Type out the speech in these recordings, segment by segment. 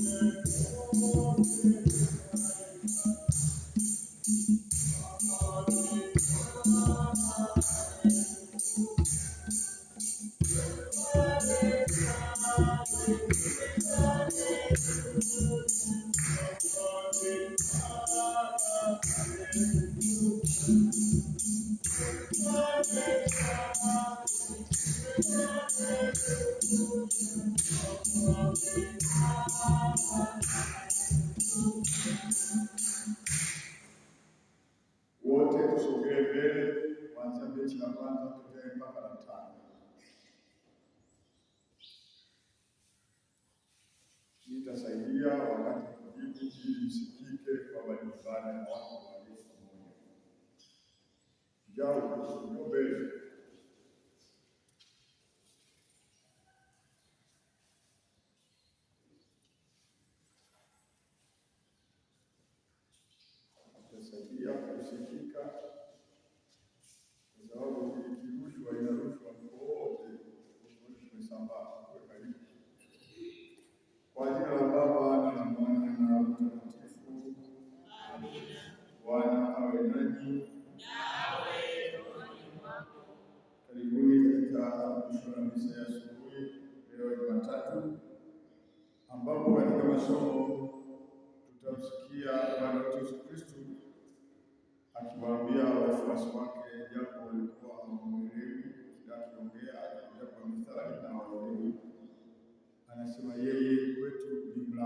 Thank you.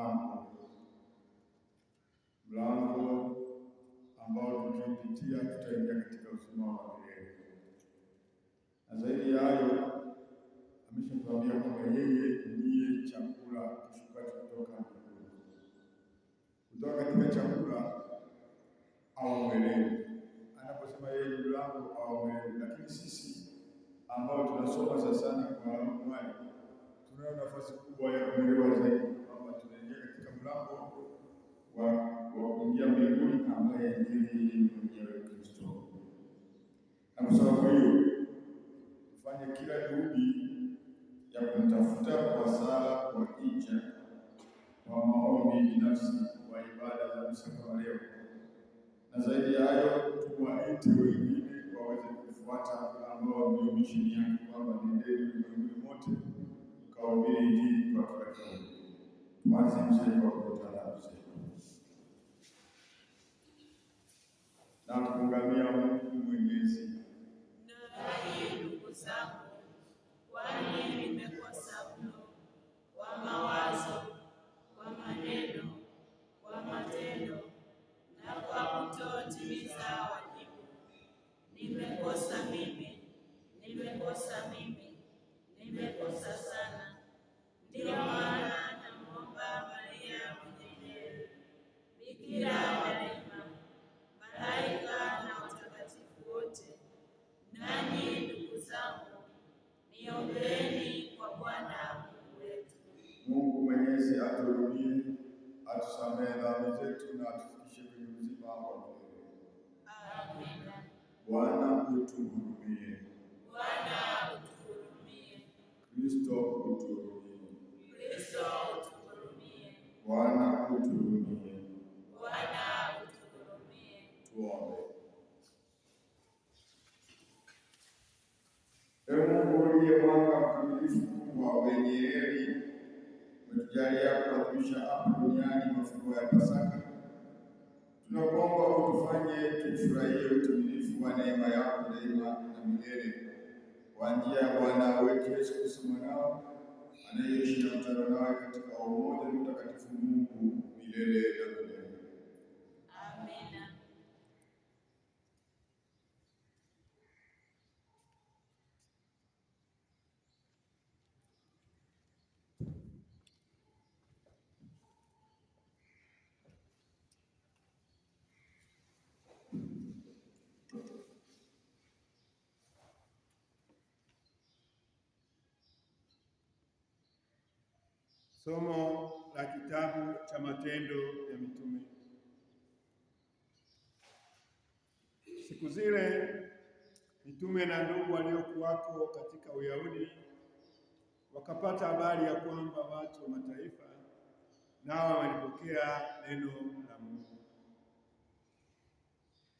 mlango, mlango ambao tukiupitia tutaingia katika uzima wa milele. Na zaidi ya hayo, ameshatuambia kwamba yeye ndiye chakula kishukacho kutoka mbinguni, kutoka katika chakula aumelele. Anaposema yeye ni mlango aumelele, lakini sisi ambao tunasoma sasa sana kwa wale tunayo nafasi kubwa ya kuelewa zaidi ambaye ndiye mwenyewe Kristo. Na kwa sababu hiyo fanye kila juhudi ya kumtafuta kwa sala, kwa hija, kwa maombi binafsi, kwa ibada za misa kwa leo, na zaidi ya hayo tuwaite wengine waweze kufuata, ambao ndio misheni yake, kwamba nendeni ulimwenguni mote mkahubiri Injili kwa kila kiumbe. Tuanze msemo na kumngamia I'm Mwenyezi. tujalie kuadhimisha hapa duniani mafumbo ya Pasaka. Tunakuomba utufanye tufurahie utimilifu wa neema yako daima na milele, kwa njia ya Bwana wetu Yesu Kristo mwanao anayeishi na kutawala nawe katika umoja mtakatifu Mungu milele na milele. Somo la kitabu cha Matendo ya Mitume. Siku zile mitume na ndugu waliokuwako katika Uyahudi wakapata habari ya kwamba watu wa mataifa nao walipokea neno la Mungu.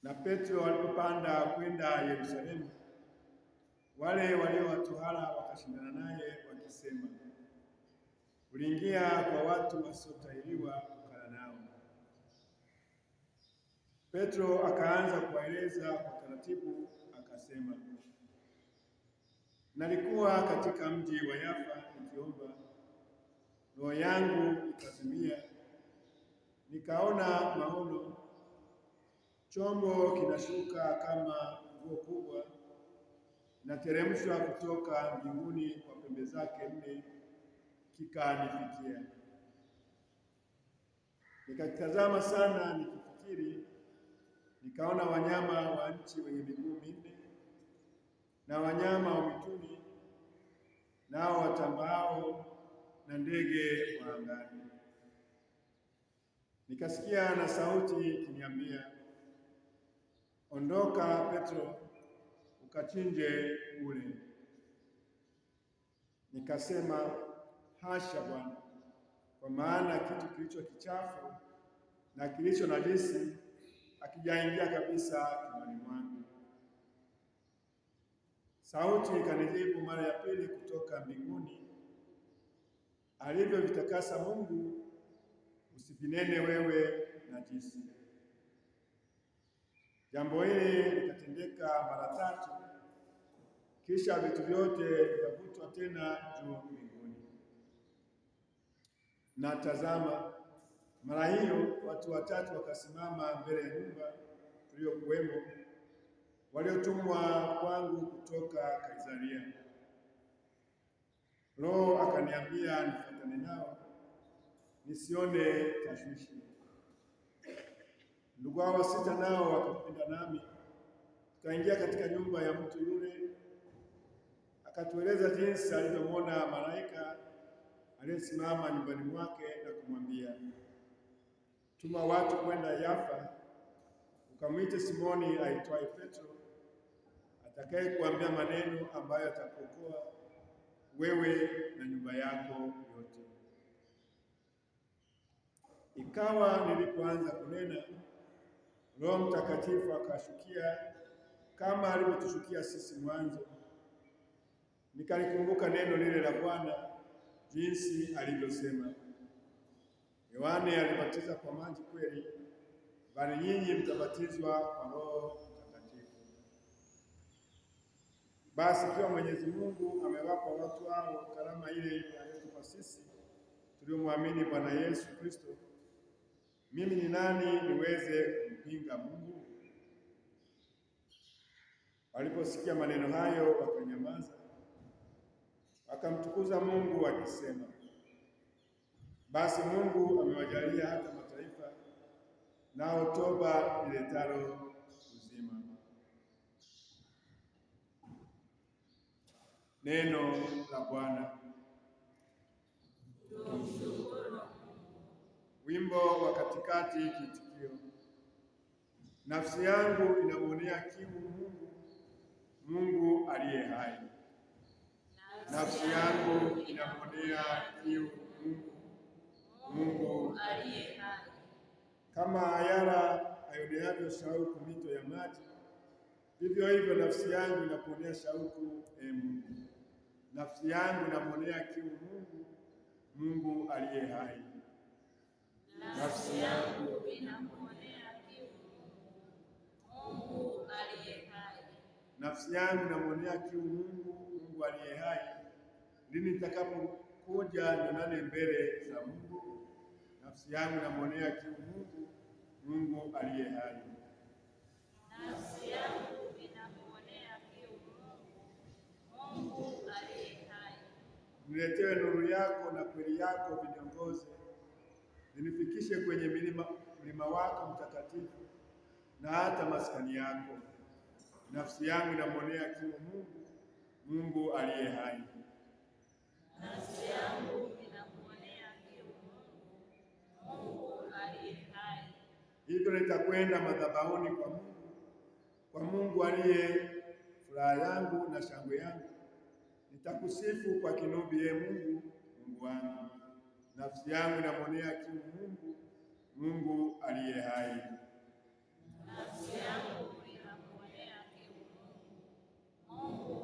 Na Petro walipopanda kwenda Yerusalemu, wale waliowatuhara wakashindana naye wakisema uliingia kwa watu wasiotahiriwa kukala nao. Petro akaanza kuwaeleza kwa taratibu, akasema, nalikuwa katika mji wa Yafa nikiomba, roho yangu ikazimia, nikaona maono, chombo kinashuka kama nguo kubwa, inateremshwa kutoka mbinguni kwa pembe zake nne kikanifikia. Nikakitazama sana nikifikiri, nikaona wanyama wa nchi wenye miguu minne na wanyama wa mituni nao watambaao na ndege wa angani. Nikasikia na sauti ikiniambia, ondoka Petro, ukachinje ule. Nikasema Hasha Bwana, kwa maana kitu kilicho kichafu na kilicho najisi akijaingia kabisa kinywani mwangu. Sauti ikanijibu mara ya pili kutoka mbinguni, alivyovitakasa Mungu usivinene wewe najisi. Jambo hili likatendeka mara tatu, kisha vitu vyote vikavutwa tena juu mbinguni na tazama, mara hiyo watu watatu wakasimama mbele ya nyumba tuliyokuwemo, waliotumwa kwangu kutoka Kaisaria. Roho akaniambia nifatane nao nisione tashwishi. Ndugu hao sita nao wakapenda nami, tukaingia katika nyumba ya mtu yule, akatueleza jinsi alivyomwona malaika aliyesimama nyumbani mwake na kumwambia, tuma watu kwenda Yafa ukamwite Simoni aitwaye Petro, atakaye kuambia maneno ambayo atakuokoa wewe na nyumba yako yote. Ikawa nilipoanza kunena, Roho Mtakatifu akashukia kama alivyotushukia sisi mwanzo. Nikalikumbuka neno lile la Bwana jinsi alivyosema. Yohane alibatiza kwa maji kweli, bali nyinyi mtabatizwa kwa Roho Mtakatifu. Basi kiwa Mwenyezi Mungu amewapa watu hao karama ile kwa sisi tuliomwamini Bwana Yesu Kristo, mimi ni nani niweze kumpinga Mungu? Waliposikia maneno hayo wakanyamaza akamtukuza Mungu akisema, basi Mungu amewajalia hata mataifa, nao toba iletalo uzima. Neno la Bwana. Wimbo wa katikati, kitikio nafsi yangu inamuonea kiu Mungu, Mungu aliye hai nafsi yangu inamwonea kiu Mungu, Mungu aliye hai. Kama ayala ayoneavyo shauku mito ya maji, vivyo hivyo nafsi yangu inakuonea shauku e Mungu, nafsi yangu inamwonea kiu Mungu, Mungu aliye hai. Nafsi yangu inamwonea kiu Mungu aliye hai, nafsi yangu inaponea kiu Mungu, Mungu aliye hai lini nitakapokuja nionane mbele za Mungu. Nafsi yangu namwonea kiu Mungu, Mungu aliye hai. Nafsi yangu inamwonea kiu Mungu, Mungu aliye hai. Niletewe nuru yako na kweli yako viniongoze, ninifikishe kwenye milima mlima wako mtakatifu na hata maskani yako. Nafsi yangu inamwonea kiu Mungu, Mungu aliye hai nafsi yangu inakuonea kiu Mungu, Mungu aliye hai. Hivyo nitakwenda madhabahuni kwa Mungu, kwa Mungu aliye furaha yangu na shangwe yangu. Nitakusifu kwa kinubi, ye ee Mungu, Mungu wangu. Nafsi yangu inamuonea kiu Mungu, Mungu aliye hai. Nafsi yangu inamuonea kiu Mungu, Mungu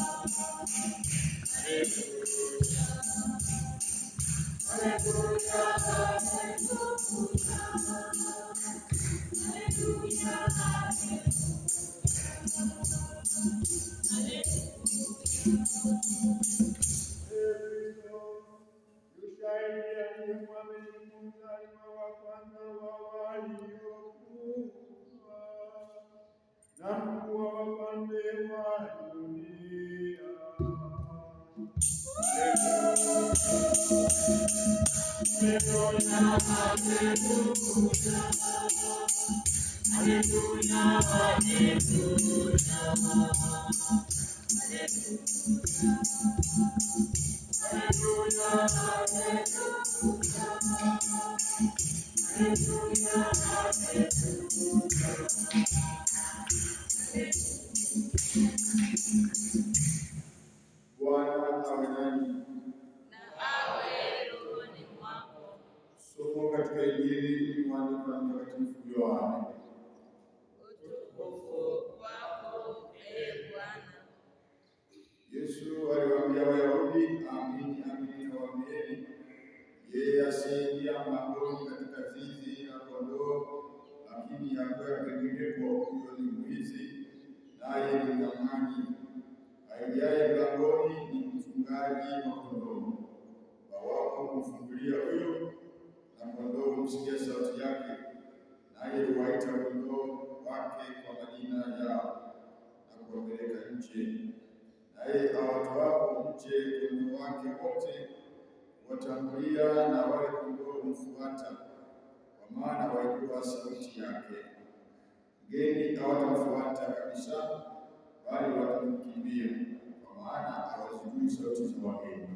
na kuwapande wa dunia. Hallelujah, hallelujah. aliyesaidia magoni katika zizi la kondoo, lakini yakwea pengineko, huyo ni mwizi, naye ni mnyang'anyi. Aingiaye mlangoni ni mchungaji wa kondoo. Wawapo kumfungulia huyo, na kondoo humsikia sauti yake, naye huwaita kondoo wake kwa majina yao na kuwapeleka nje, naye awatoapo nje kondoo wake wote watangulia na wale kondoo humfuata, kwa maana waijua sauti yake. Mgeni hawatamfuata kabisa, bali watamkimbia, kwa maana hawazijui sauti za wageni.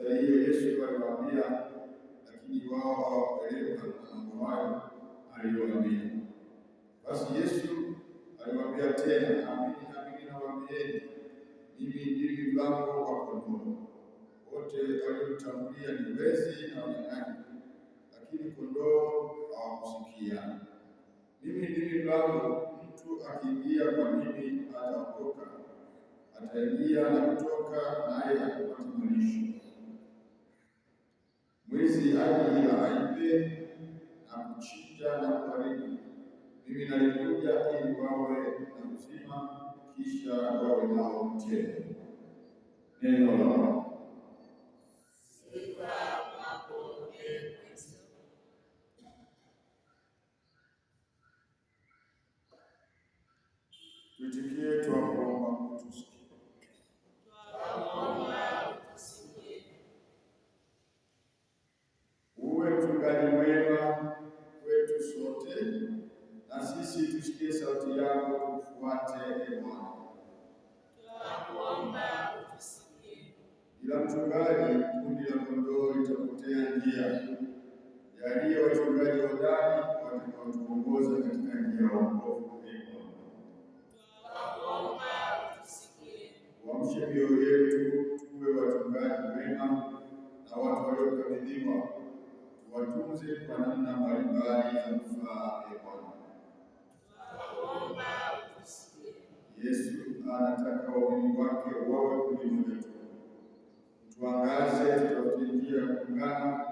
Mithali hiyo Yesu aliwaambia, lakini wao hawakuelewa mambo hayo aliyowaambia. Basi Yesu aliwaambia tena, amini amini nawaambieni, mimi ndimi mlango wa kondoo wote waliotangulia ni wezi na wanyang'anyi, lakini kondoo hawakusikia. Mimi ndimi mlango, mtu akiingia kwa mimi ataokoka, ataingia na kutoka, naye atapata malisho. Mwizi aje ila aibe na kuchinja na kuharibu. Mimi nalikuja ili wawe na uzima, kisha wawe nao tele. Neno la Bwana. wachungaji hodari watakaotuongoza katika njia ya wokovu. Waamshe mioyo yetu tuwe wachungaji wema na watu waliokabidhiwa, watunze kwa namna mbalimbali ya manufaa ya e Bwana. Yesu anataka waumini wake wawe kumi moja tu. Tuangaze, tutafute kuungana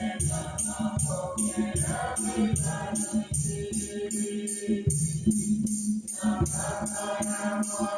Thank you.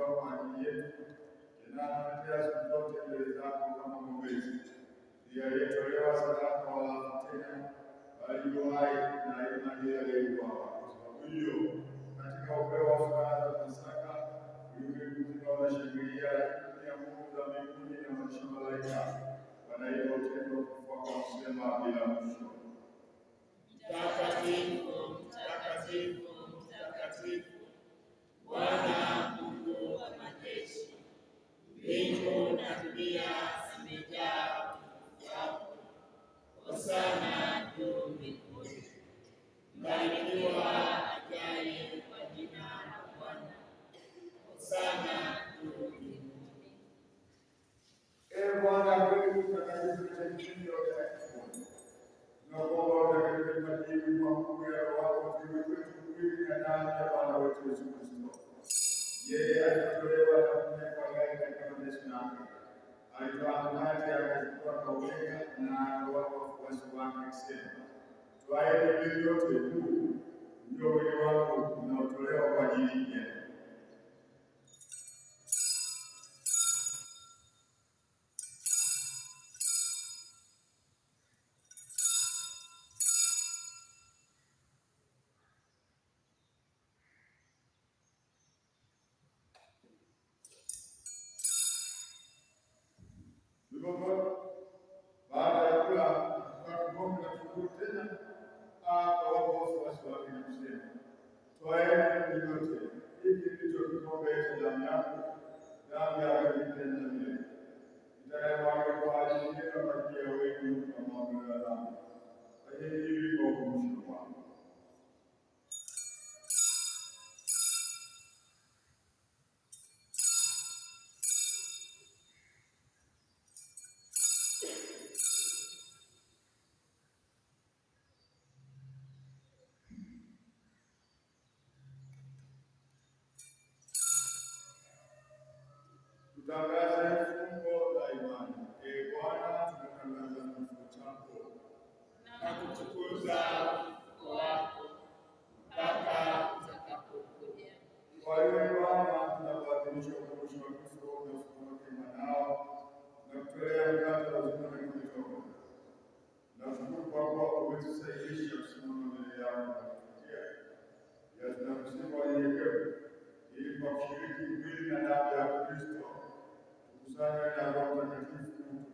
natetea siku zote mbele zako kama mwombezi. Pia sadaka wala tena, hai na imani aliyeuawa. Kwa sababu hiyo, katika upeo wa furaha za Pasaka, ulimwengu mzima wanashangilia, lakini ya Mungu za mbinguni na waandishi malaika wanaiga utendo kwa kusema bila mwisho. Mtakatifu pamoja na wako wafuasi wake akisema, twaeni mbingu yote juu, ndio mwili wako unaotolewa kwa ajili yetu. I Thank you. kutangaza ee kifo chako na kutukuza ufufuko na ufufuko wake mwanao na kutolea mkate ya tunamsifu wa unyenyekevu ili kwa kushiriki mwili na damu ya Kristo tukusanywe na Roho Mtakatifu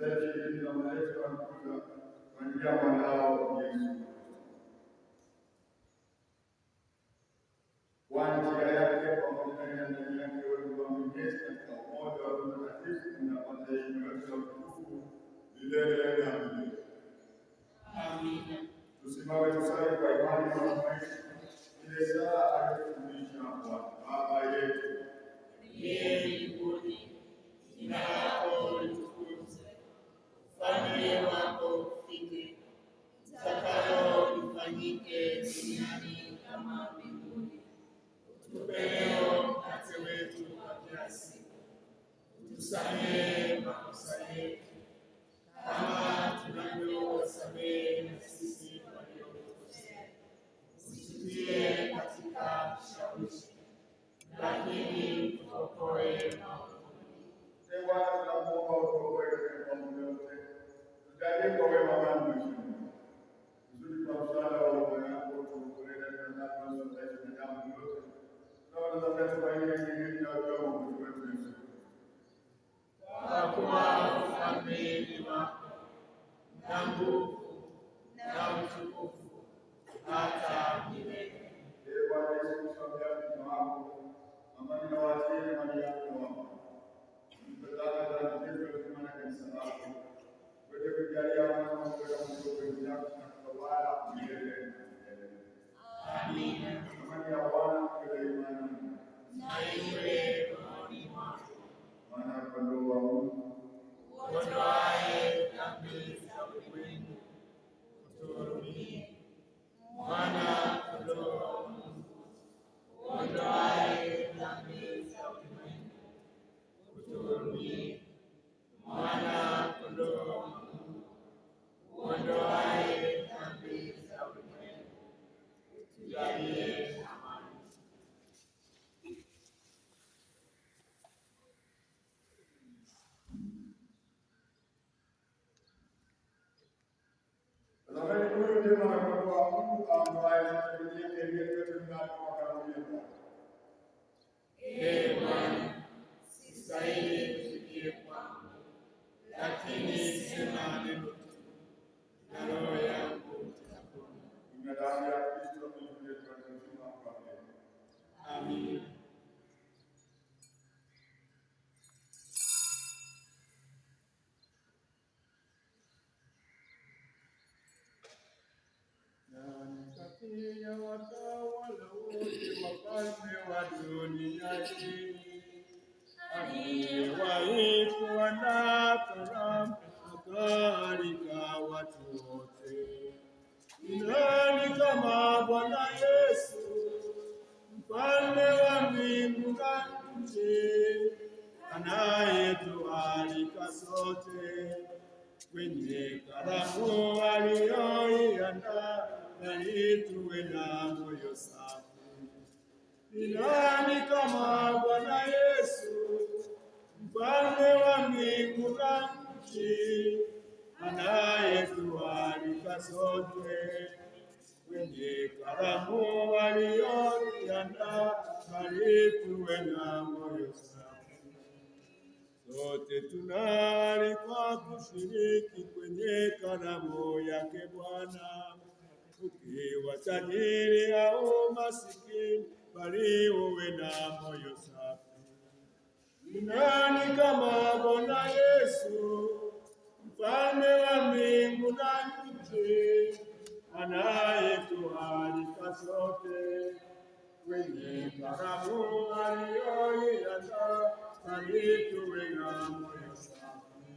Msechi na malaika wanakuja kwa njia mwanao Yesu. Kwa njia yake pamoja na ndani yake uliwaaminisha katika umoja wa Roho Mtakatifu na kupata heshima katika utukufu milele na milele. Amina. Tusimame tusali kwa imani na matumaini. Ile saa kama mbinguni. Utupe leo mkate wetu wa kila siku, utusamehe mwana-kondoo wa Mungu Ni kama Bwana Yesu, mfalme wa mbingu na nchi, anayetualika sote kwenye karamu walioiandaa, bali tuwe na moyo safi. Sote tunaalikwa kushiriki kwenye karamu yake Bwana, ukiwa tajiri au masikini bali uwe na moyo safi. Ni nani kama Bwana Yesu, mfalme wa mbingu na nchi, anayetualika sote kwenye karamu aliyoiandaa, bali tuwe na moyo safi.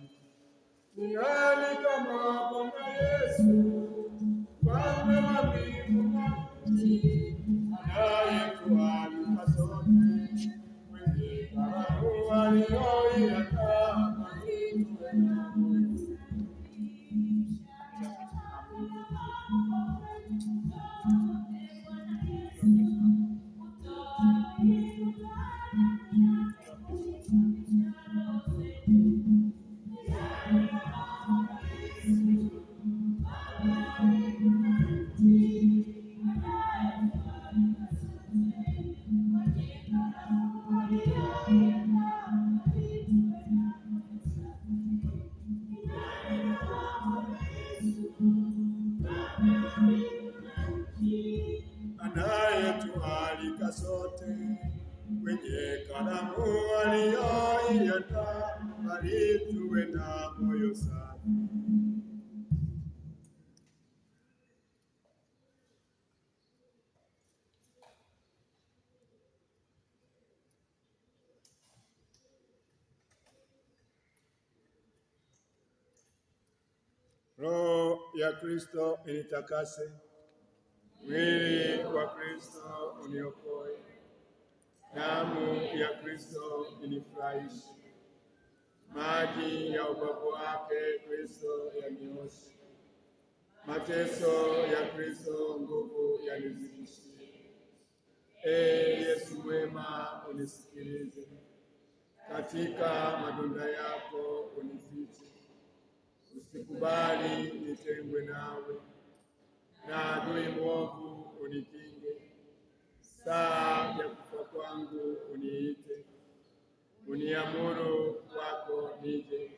Ni nani kama Bwana Yesu, mfalme wa mbingu yourself. Roho ya Kristo initakase mwili wa Kristo uniokoe, damu ya Kristo inifurahishe maji ya ubavu wake Kristo yanioshe, mateso ya Kristo nguvu yanizidishie. Ee Yesu mwema, unisikilize, katika madonda yako unifiche. Usikubali nitengwe nawe, na adui mwovu unikinge. Saa ya kufa kwangu uniite, uniamuru miji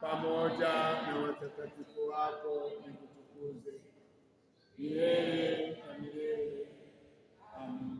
pamoja na watakatifu wako nikutukuze milele na milele. Amen.